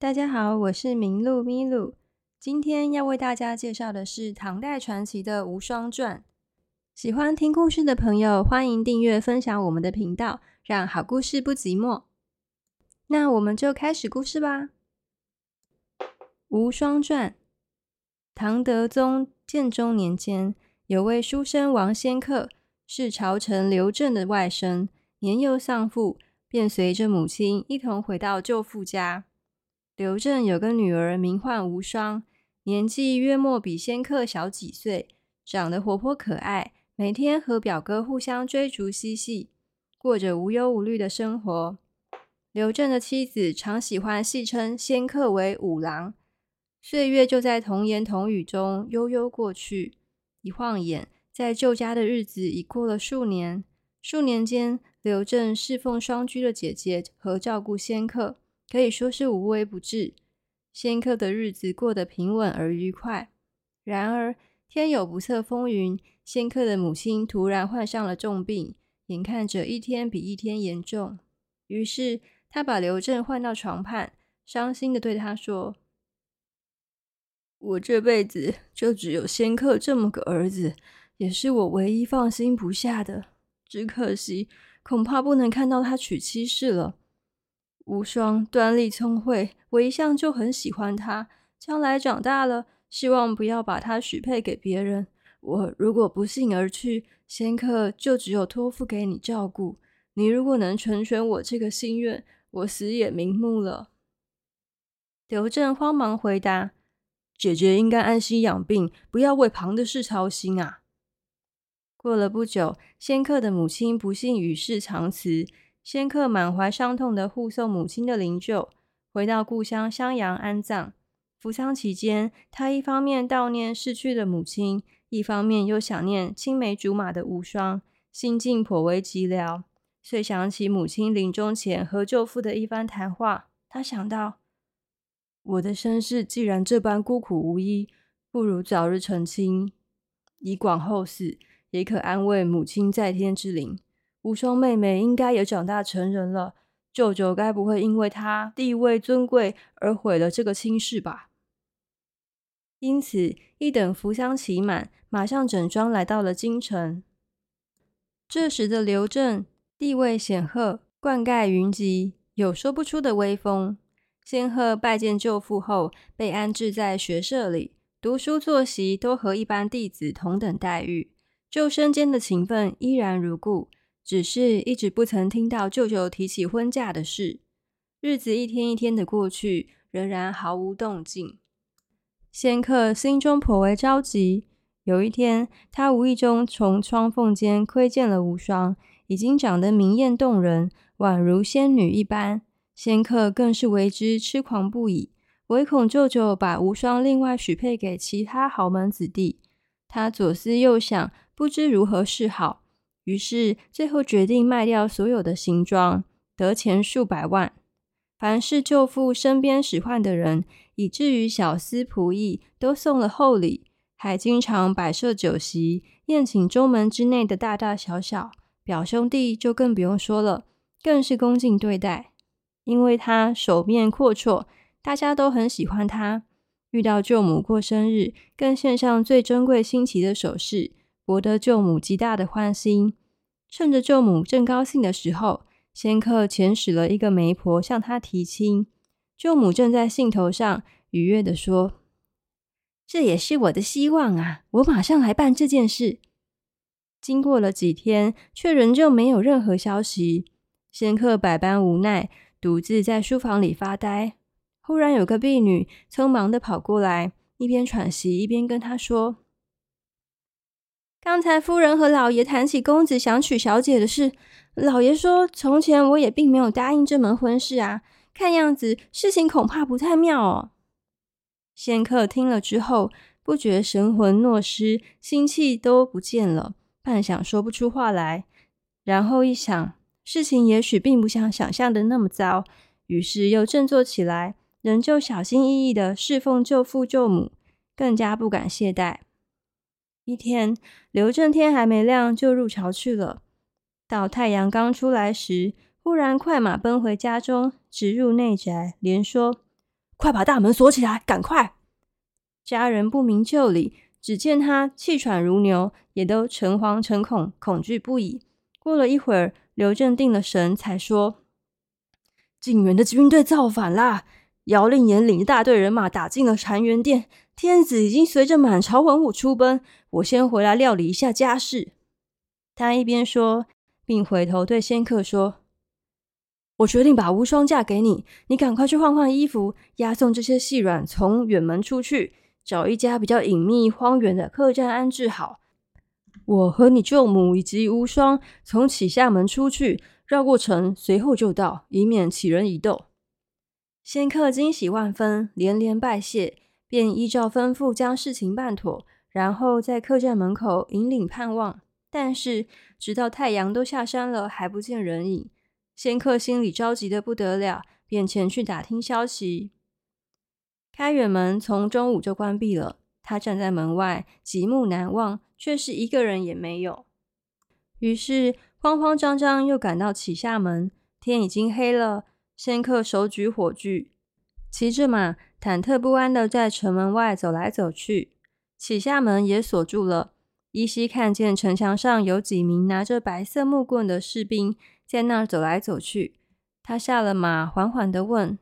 大家好，我是鳴鹿咪鹿。今天要為大家介紹的是唐代傳奇的《無雙傳》。喜歡聽故事的朋友，歡迎訂閱分享我們的頻道，讓好故事不寂寞。那我們就開始故事吧。《無雙傳》，唐德宗建中年間，有位書生王仙客，是朝臣劉震的外甥。年幼喪父，便隨着母親一同回到舅父家。劉震有個女兒，名喚無雙，年紀約莫比仙客小幾歲，長得活潑可愛，每天和表哥互相追逐嬉戲，過着無憂無慮的生活。劉震的妻子常喜歡戲稱仙客為五郎。歲月就在童言童語中悠悠過去，一晃眼，在舅家的日子已過了數年。數年間，劉震侍奉孀居的姐姐和照顧仙客。可以說是無微不至，仙客的日子過得平穩而愉快。然而，天有不測風雲，仙客的母親突然患上了重病，眼看着一天比一天嚴重。於是，他把劉震喚到床畔，傷心地對他說：“我這輩子就只有仙客這麼個兒子，也是我唯一放心不下的。只可惜，恐怕不能看到他娶妻室了。”無雙端麗聰慧，我一向就很喜歡他。將來長大了，希望不要把他許配給別人。我如果不幸而去，仙客就只有托付給你照顧。你如果能成全我這個心願，我死也瞑目了。劉震慌忙回答：“姐姐應該安心養病，不要為旁的事操心啊。”過了不久，仙客的母親不幸與世長辭。仙客滿懷傷痛地護送母親的靈柩回到故鄉襄陽安葬。服喪期間，他一方面悼念逝去的母親，一方面又想念青梅竹馬的無雙，心境頗為寂寥。遂想起母親臨終前和舅父的一番談話，他想到，我的身世既然這般孤苦無依，不如早日成親，以廣後世，也可安慰母親在天之靈。無雙妹妹應該也長大成人了，舅舅該不會因為她地位尊貴而毀了這個親事吧？因此，一等服喪期滿，馬上整裝來到了京城。這時的劉震地位顯赫，冠蓋雲集，有說不出的威風。仙客拜見舅父後，被安置在學舍裡，讀書坐席都和一般弟子同等待遇，舅甥間的情分依然如故。只是一直不曾聽到舅舅提起婚嫁的事，日子一天一天的過去，仍然毫無動靜。仙客心中頗為着急。有一天，他無意中從窗縫間窺見了無雙，已經長得明豔動人，宛如仙女一般。仙客更是為之痴狂不已，唯恐舅舅把無雙另外許配給其他豪門子弟。他左思右想，不知如何是好。於是最後決定賣掉所有的行裝，得錢數百萬。凡是舅父身邊使喚的人，以至於小廝僕役，都送了厚禮，還經常擺設酒席宴請中門之內的大大小小表兄弟，就更不用說了，更是恭敬對待。因為他手面闊綽，大家都很喜歡他。遇到舅母過生日，更獻上最珍貴新奇的首飾，博得舅母極大的歡心。趁着舅母正高興的時候，仙客遣使了一個媒婆向他提親。舅母正在興頭上，愉悅地說：“這也是我的希望啊！我馬上來辦這件事。”經過了幾天，卻仍舊沒有任何消息。仙客百般無奈，獨自在書房裡發呆。忽然有個婢女匆忙地跑過來，一邊喘息一邊跟他說。剛才夫人和老爺談起公子想娶小姐的事，老爺說：“從前我也並沒有答應這門婚事啊。”看樣子事情恐怕不太妙哦。仙客聽了之後，不覺神魂若失，心氣都不見了，半晌說不出話來。然後一想，事情也許並不像想，想象的那麼糟，於是又振作起來，仍舊小心翼翼的侍奉舅父舅母，更加不敢懈怠。一天，劉正天還沒亮就入朝去了。到太陽剛出來時，忽然快馬奔回家中，直入內宅，連說：“快把大門鎖起來，趕快！”家人不明就裡，只見他氣喘如牛，也都誠惶誠恐，恐懼不已。過了一會兒，劉正定了神，才說：“涇原的軍隊造反啦！”姚令言領一大隊人馬打進了禪源殿。”天子已經隨着滿朝文武出奔，我先回來料理一下家事。他一邊說，並回頭對仙客說：“我決定把無雙嫁給你，你趕快去換換衣服，押送這些細軟從遠門出去，找一家比較隱秘、荒遠的客棧安置好。我和你舅母以及無雙從啟夏門出去，繞過城，隨後就到，以免起人疑竇。”仙客驚喜萬分，連連拜謝。便依照吩咐將事情辦妥，然後在客棧門口引領盼望。但是直到太陽都下山了，還不見人影。仙客心裡着急得不得了，便前去打聽消息。開遠門從中午就關閉了，他站在門外極目難望，卻是一個人也沒有。於是慌慌張張又趕到啟夏門，天已經黑了。仙客手舉火炬，騎着馬。忐忑不安的在城門外走來走去，啟夏門也鎖住了。依稀看見城牆上有幾名拿着白色木棍的士兵在那兒走來走去。他下了馬，緩緩的問：“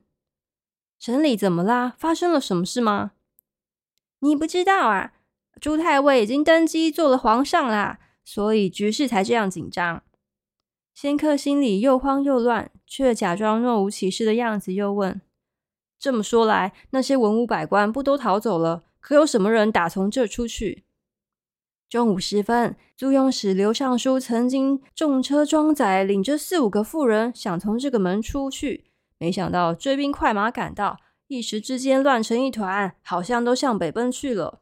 城裡怎麼啦？發生了什麼事嗎？”“你不知道啊，朱太尉已經登基做了皇上啦，所以局勢才這樣緊張。”仙客心裡又慌又亂，卻假裝若無其事的樣子，又問。這麼說來，那些文武百官不都逃走了？可有什麼人打從這出去？中午時分，租庸使劉尚書曾經重車裝載，領着四五個婦人想從這個門出去，沒想到追兵快馬趕到，一時之間亂成一團，好像都向北奔去了。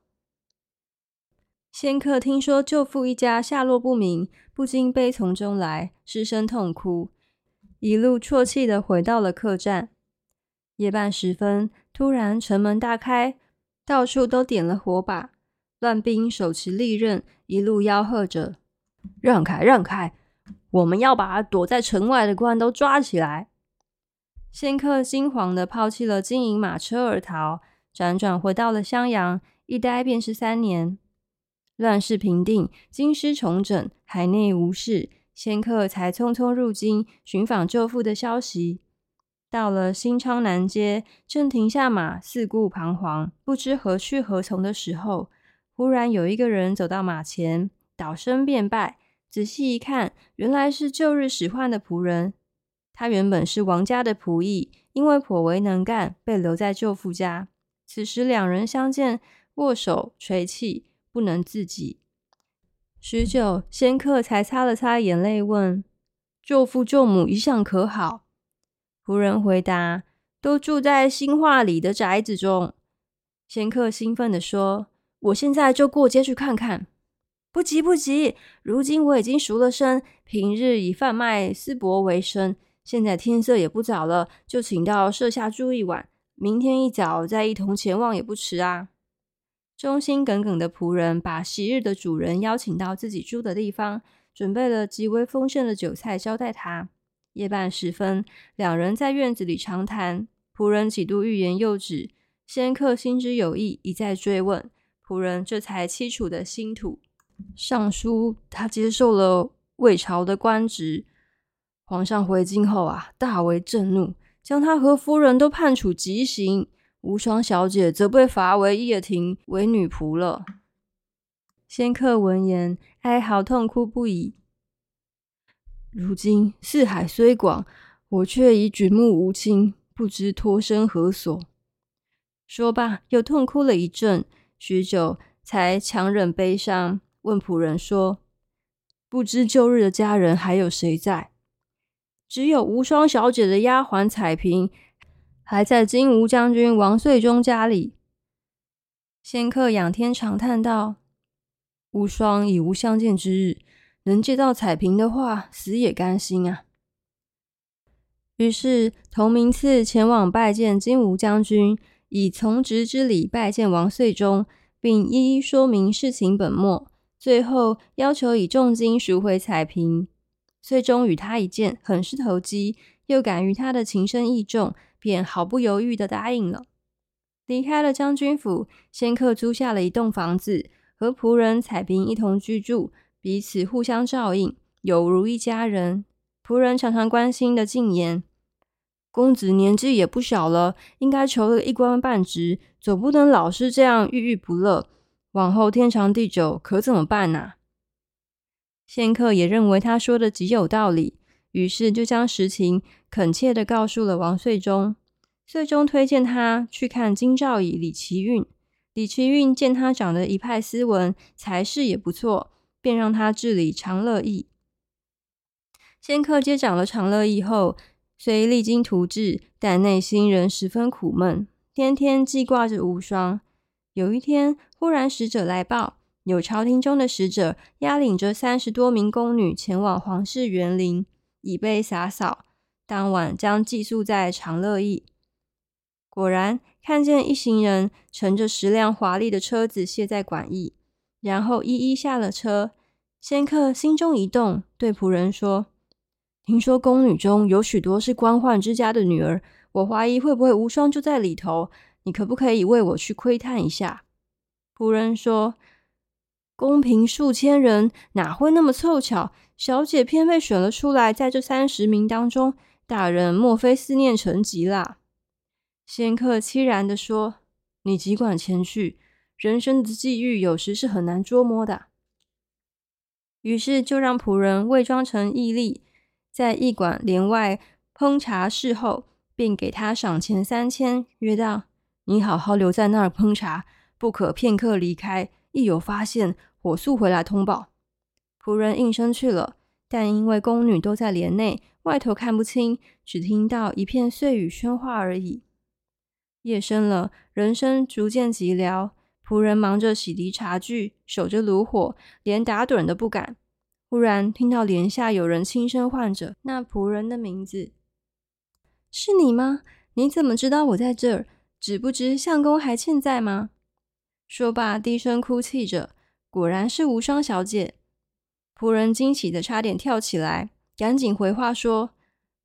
仙客聽說舅父一家下落不明，不禁悲從中來，失聲痛哭，一路啜泣的回到了客棧。夜半時分，突然城門大開，到處都點了火把，亂兵手持利刃，一路吆喝着：“讓開，讓開！我們要把躲在城外的官都抓起來！”仙客驚慌的拋棄了金銀馬車而逃，輾轉，轉回到了襄陽，一待便是三年。亂世平定，京師重整，海內無事，仙客才匆匆入京尋訪舅父的消息。到了新昌南街，正停下馬，四顧彷徨，不知何去何從的時候，忽然有一個人走到馬前，倒身便拜。仔細一看，原來是舊日使喚的僕人。他原本是王家的僕役，因為頗為能幹，被留在舅父家。此時兩人相見，握手垂泣，不能自已。許久，仙客才擦了擦眼淚，問：“舅父舅母一向可好？”僕人回答：“都住在興化里的宅子中。”仙客興奮地說：“我現在就過街去看看。”“不急不急，如今我已經贖了身，平日以販賣絲帛為生。現在天色也不早了，就請到舍下住一晚，明天一早再一同前往也不遲啊。”忠心耿耿的僕人把昔日的主人邀請到自己住的地方，準備了極為豐盛的酒菜招待他。夜半時分，兩人在院子裡長談。僕人幾度欲言又止，仙客心知有意，一再追問，僕人這才凄楚的傾吐。尚書他接受了魏朝的官職，皇上回京後啊，大為震怒，將他和夫人都判處極刑。無雙小姐則被罰為掖庭為女僕了。仙客聞言，哀嚎痛哭不已。如今四海雖廣，我卻已舉目無親，不知托身何所。說罷，又痛哭了一陣，許久才強忍悲傷，問僕人說：“不知舊日的家人還有誰在？”只有無雙小姐的丫鬟彩萍，還在金吾將軍王遂中家裡。仙客仰天長嘆道：“無雙已無相見之日。”能借到彩屏的話，死也甘心啊！於是，同名次前往拜見金吾將軍，以從侄之禮拜見王遂中，並一一說明事情本末，最後要求以重金贖回彩屏。遂中與他一見，很是投機，又感於他的情深意重，便毫不猶豫的答應了。離開了將軍府，仙客租下了一棟房子，和僕人彩屏一同居住。彼此互相照應，有如一家人。僕人常常關心的進言：“公子年紀也不小了，應該求得一官半職，總不能老是這樣鬱鬱不樂。往後天長地久，可怎麼辦呢、啊？”仙客也認為他說的極有道理，於是就將實情懇切的告訴了王遂中。遂中推薦他去看京兆尹、李齊運。李齊運見他長得一派斯文，才是也不錯。便讓他治理長樂驛。仙客接掌了長樂驛後，雖勵精圖治，但內心仍十分苦悶，天天記掛着無雙。有一天，忽然使者來報，有朝廷中的使者押領着三十多名宮女前往皇室園林，以備灑掃。當晚將寄宿在長樂驛。果然，看見一行人乘着十輛華麗的車子卸在館驛。然後一一下了車，仙客心中一動，對僕人說：“聽說宮女中有許多是官宦之家的女兒，我懷疑會不會無雙就在裡頭？你可不可以為我去窺探一下？”僕人說：“宮嬪數千人，哪會那麼湊巧？小姐偏被選了出來，在這三十名當中，大人莫非思念成疾啦？”仙客淒然的說：“你盡管前去。”人生的際遇有時是很難捉摸的，於是就讓僕人偽裝成驛吏，在驛館簾外烹茶伺候，便給他賞錢三千，約道：“你好好留在那兒烹茶，不可片刻離開，一有發現，火速回來通報。”僕人應聲去了，但因為宮女都在簾內，外頭看不清，只聽到一片碎語喧嘩而已。夜深了，人聲逐漸寂寥。僕人忙着洗滌茶具，守着爐火，連打盹都不敢。忽然聽到簾下有人輕聲喚着那僕人的名字：“是你嗎？你怎麼知道我在這兒？只不知相公還健在嗎？”說罷，低聲哭泣着。果然是無雙小姐。僕人驚喜得差點跳起來，趕緊回話說：“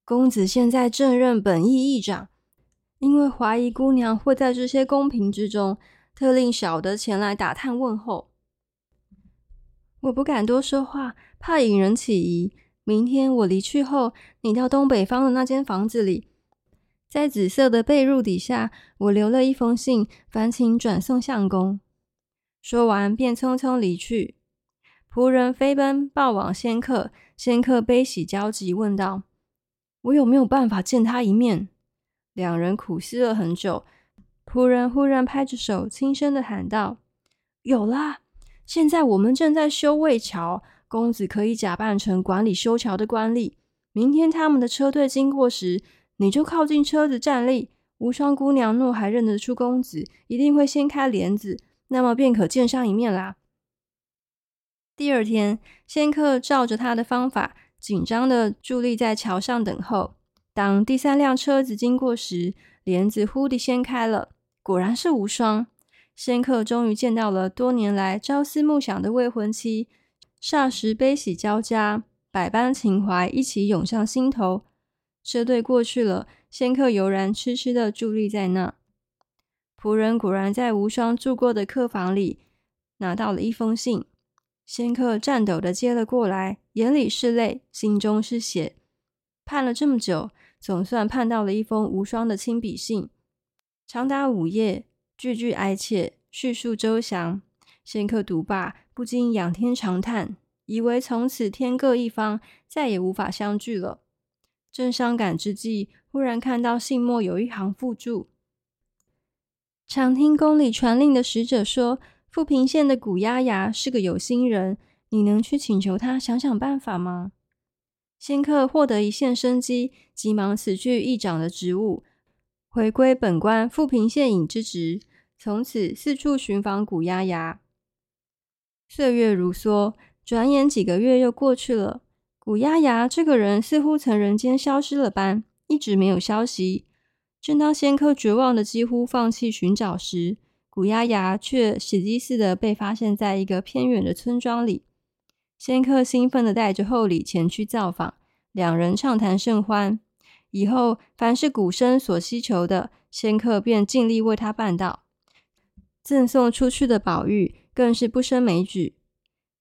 公子現在正任本邑議長，因為懷疑姑娘會在這些宮嬪之中。”特令小的前來打探問候，我不敢多說話，怕引人起疑。明天我離去後，你到東北方的那間房子裡，在紫色的被褥底下，我留了一封信，煩請轉送相公。說完，便匆匆離去。僕人飛奔報往仙客，仙客悲喜交集，問道：“我有沒有辦法見他一面？”兩人苦思了很久。僕人，忽然拍着手，輕聲的喊道：“有啦，現在我們正在修衛橋，公子可以假扮成管理修橋的官吏。明天他們的車隊經過時，你就靠近車子站立。無雙姑娘若還認得出公子，一定會掀開簾子，那麼便可見上一面啦。”第二天，仙客照着他的方法，緊張的佇立在橋上等候。當第三輛車子經過時，簾子忽地掀開了。果然是無雙，仙客終於見到了多年來朝思暮想的未婚妻，霎時悲喜交加，百般情懷一起湧上心頭。車隊過去了，仙客悠然痴痴的佇立在那。僕人果然在無雙住過的客房裡拿到了一封信，仙客顫抖的接了過來，眼裡是淚，心中是血。盼了這麼久，總算盼到了一封無雙的親筆信。長達五頁，句句哀切，敘述周詳。仙客讀罷不禁仰天長嘆，以為從此天各一方，再也無法相聚了。正傷感之際，忽然看到信末有一行附注：“常聽宮裡傳令的使者說，富平縣的古押衙是個有心人，你能去請求他想想辦法嗎？”仙客獲得一線生機，急忙辭去驛長的職務。回歸本官富平縣尹之職，從此四處尋訪古押衙。歲月如梭，轉眼幾個月又過去了，古押衙這個人似乎從人間消失了般，一直沒有消息。正當仙客絕望的幾乎放棄尋找時，古押衙卻奇蹟似的被發現，在一個偏遠的村莊裡。仙客興奮的帶着厚禮前去造訪，訪，兩人暢談甚歡。以後，凡是古生所需求的，仙客便盡力為他辦到；贈送出去的寶玉，更是不勝枚舉。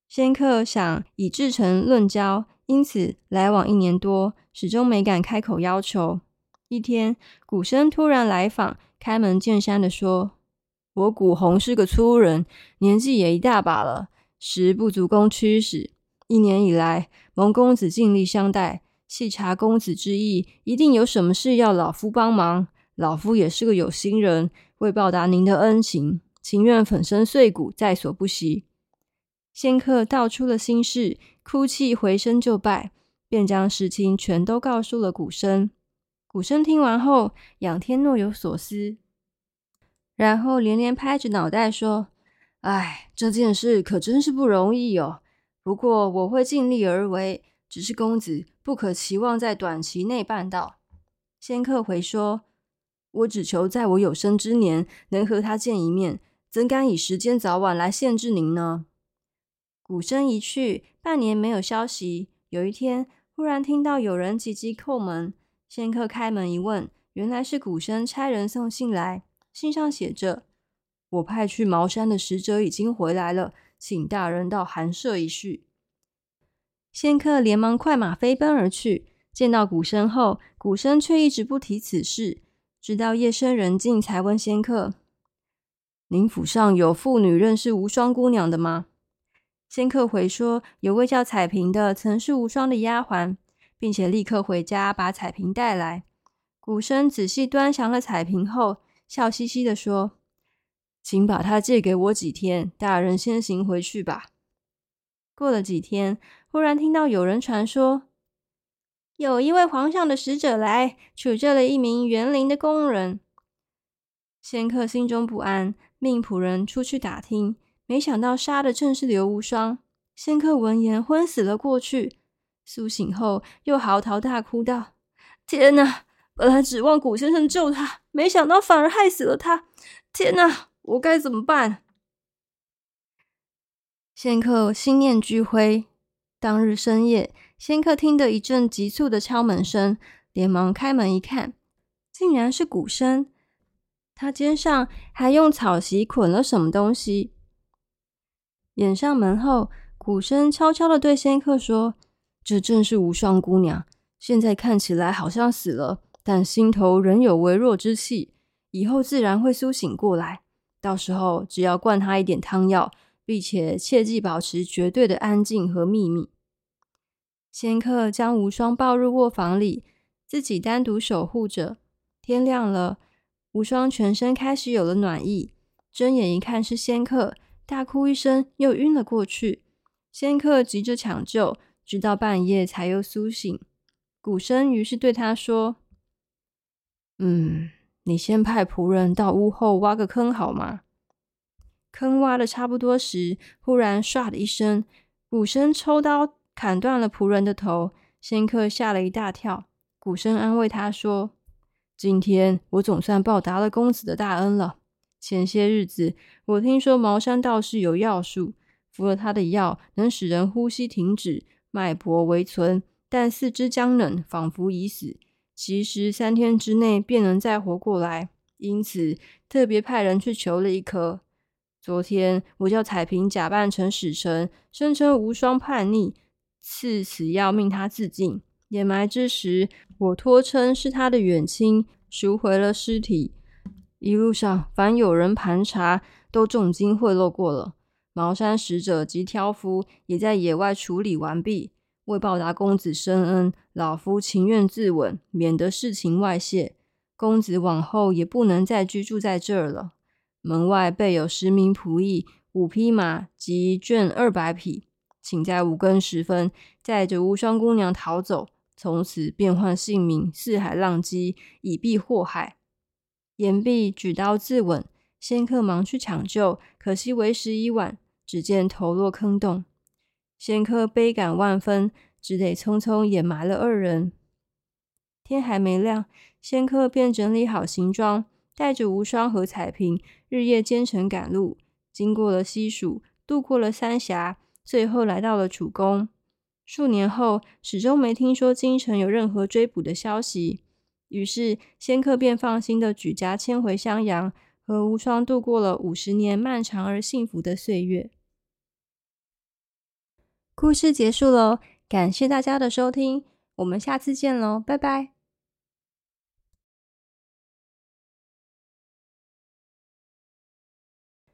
仙客想以至誠論交，因此來往一年多，始終沒敢開口要求。一天，古生突然來訪，開門見山地說：“我古洪是個粗人，年紀也一大把了，食不足供驅使。一年以來，蒙公子盡力相待。”細查公子之意，一定有什麼事要老夫幫忙。老夫也是個有心人，為報答您的恩情，情願粉身碎骨，在所不惜。仙客道出了心事，哭泣回身就拜，便將事情全都告訴了古生。古生聽完後，仰天若有所思，然後連連拍着腦袋說：“哎，這件事可真是不容易哦。不過我會盡力而為。”只是公子不可期望在短期內辦到。仙客回說：“我只求在我有生之年能和他見一面，怎敢以時間早晚來限制您呢？”古生一去，半年沒有消息。有一天，忽然聽到有人急急叩門。仙客開門一問，原來是古生差人送信來，信上寫着：“我派去茅山的使者已經回來了，請大人到寒舍一敘。”仙客連忙快馬飛奔而去，見到古生後，古生卻一直不提此事，直到夜深人靜才問仙客：“您府上有婦女認識無雙姑娘的嗎？”仙客回說：“有位叫彩萍的，曾是無雙的丫鬟，並且立刻回家把彩萍帶來。”古生仔細端詳了彩萍後，笑嘻嘻地說：“請把她借給我幾天，大人先行回去吧。”過了幾天，忽然聽到有人傳說，有一位皇上的使者來處置了一名園林的工人。仙客心中不安，命僕人出去打聽，沒想到殺的正是劉無雙。仙客聞言昏死了過去，甦醒後又嚎啕大哭道：“天哪！本來指望古先生救他，沒想到反而害死了他。天哪！我該怎麼辦？”仙客心念俱灰。當日深夜，仙客聽得一陣急促的敲門聲，連忙開門一看，竟然是古生。他肩上還用草席綑了什麼東西。掩上門後，古生悄悄的對仙客說：“這正是無雙姑娘。現在看起來好像死了，但心頭仍有微弱之氣，以後自然會甦醒過來。到時候只要灌他一點湯藥。”並且切記保持絕對的安靜和祕密。仙客將無雙抱入臥房裡，自己單獨守護着。天亮了，無雙全身開始有了暖意，睜眼一看是仙客，大哭一聲，又暈了過去。仙客急着搶救，直到半夜才又甦醒。古生於是對他說：“嗯，你先派僕人到屋後挖個坑好嗎？”坑挖的差不多時，忽然唰的一聲，古生抽刀砍斷了僕人的頭，仙客嚇了一大跳。古生安慰他說：“今天我總算報答了公子的大恩了。前些日子我聽說茅山道士有藥術，服了他的藥，能使人呼吸停止，脈搏微存，但四肢僵冷，仿佛已死。其實三天之內便能再活過來，因此特別派人去求了一顆。”昨天我叫彩萍假扮成使臣，聲稱無雙叛逆，賜死要命她自盡。掩埋之時，我托稱是她的遠親贖回了屍體。一路上凡有人盤查，都重金賄賂過了。茅山使者及挑夫也在野外處理完畢。為報答公子深恩，老夫情願自刎，免得事情外洩。公子往後也不能再居住在這兒了。門外備有十名僕役、五匹馬及絹二百匹，請在五更時分載着無雙姑娘逃走，從此變換姓名，四海浪迹，以避禍害。言畢，舉刀自刎。仙客忙去搶救，可惜為時已晚，只見頭落坑洞。仙客悲感萬分，只得匆匆掩埋了二人。天還沒亮，仙客便整理好行裝。帶着無雙和綵屏，日夜兼程趕路，經過了西蜀，渡過了三峽，最後來到了楚宮。數年後，始終沒聽說京城有任何追捕的消息，於是仙客便放心的舉家遷回襄陽，和無雙度過了五十年漫長而幸福的歲月。故事結束嘍，感謝大家的收聽，我們下次見嘍，拜拜。